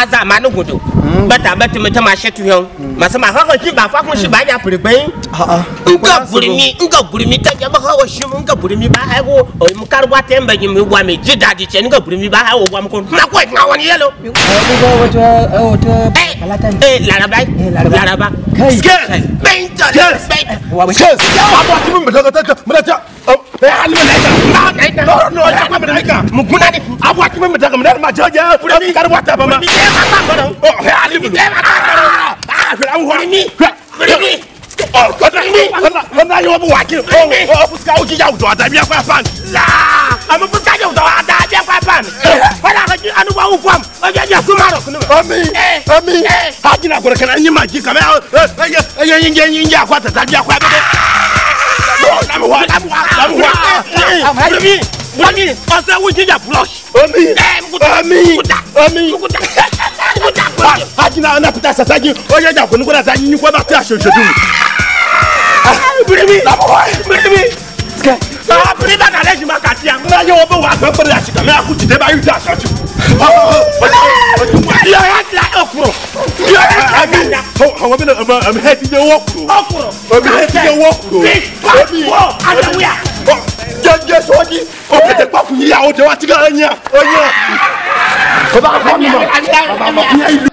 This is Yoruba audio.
Hmm. a zamani gudu bata bata mutum a shatu yau hmm. masu ma haka shi ba fakun shi ba ya furbe nga burmi nga burmi ta ya hawa shi mu nga burmi ba ai go mu karwa ta yan mu wa mai ji daji ce nga burmi ba ai wa mu na ko na wani yalo eh, eh laraba laraba ske ben ta ben wa ba ske wa ba ti mun ba ta ta mun ta oh, eh halima boro no ja ma na ka mu kuna ni abu akima mi daga mi na ma joja kure ni kar wata ba ma ni ma ta ba no oh ha ali ni ma ta ba no ah kure an ho ni kure ni oh ko na ni ko na yo bu waki oh oh bu ska o ji ja o do ada bi akwa fan la amu bu ska ja o do ada bi akwa fan eh. wala ka anu wa u fam o ja ja sumaro ami eh, ami eh. ha jina gore kana ni ma ji ka me eh eh eh ngi ngi akwa ta ta bi akwa be de ah. Lamu oh, wa, lamu wa, lamu wa. Lamu ah. wa. Ah, wani ọsẹ wo ginger flush. omi omi omi ajina ana pita sasaji oye ja kunu kuna sa yin kwa ba ti asojo dun. biribi biribi sikẹ. aa biribi akalẹ juma kati yan. n'a ye wo bẹ wa gbẹ pẹlẹ asi kan mẹ a kun ti tẹ b'a yi ti asoju. yọrọ tila e kuro. yọrọ tila e kuro. awo bẹ na ọmọ ọmọ hẹ ti jẹ wọ kuro. ọ kuro. ọmọ hẹ ti jẹ wọ kuro. bi pa ìyàwó tẹ wá ti ká ẹ yàn ẹ yàn. bàbá kọ́ mi mọ̀ bàbá kọ́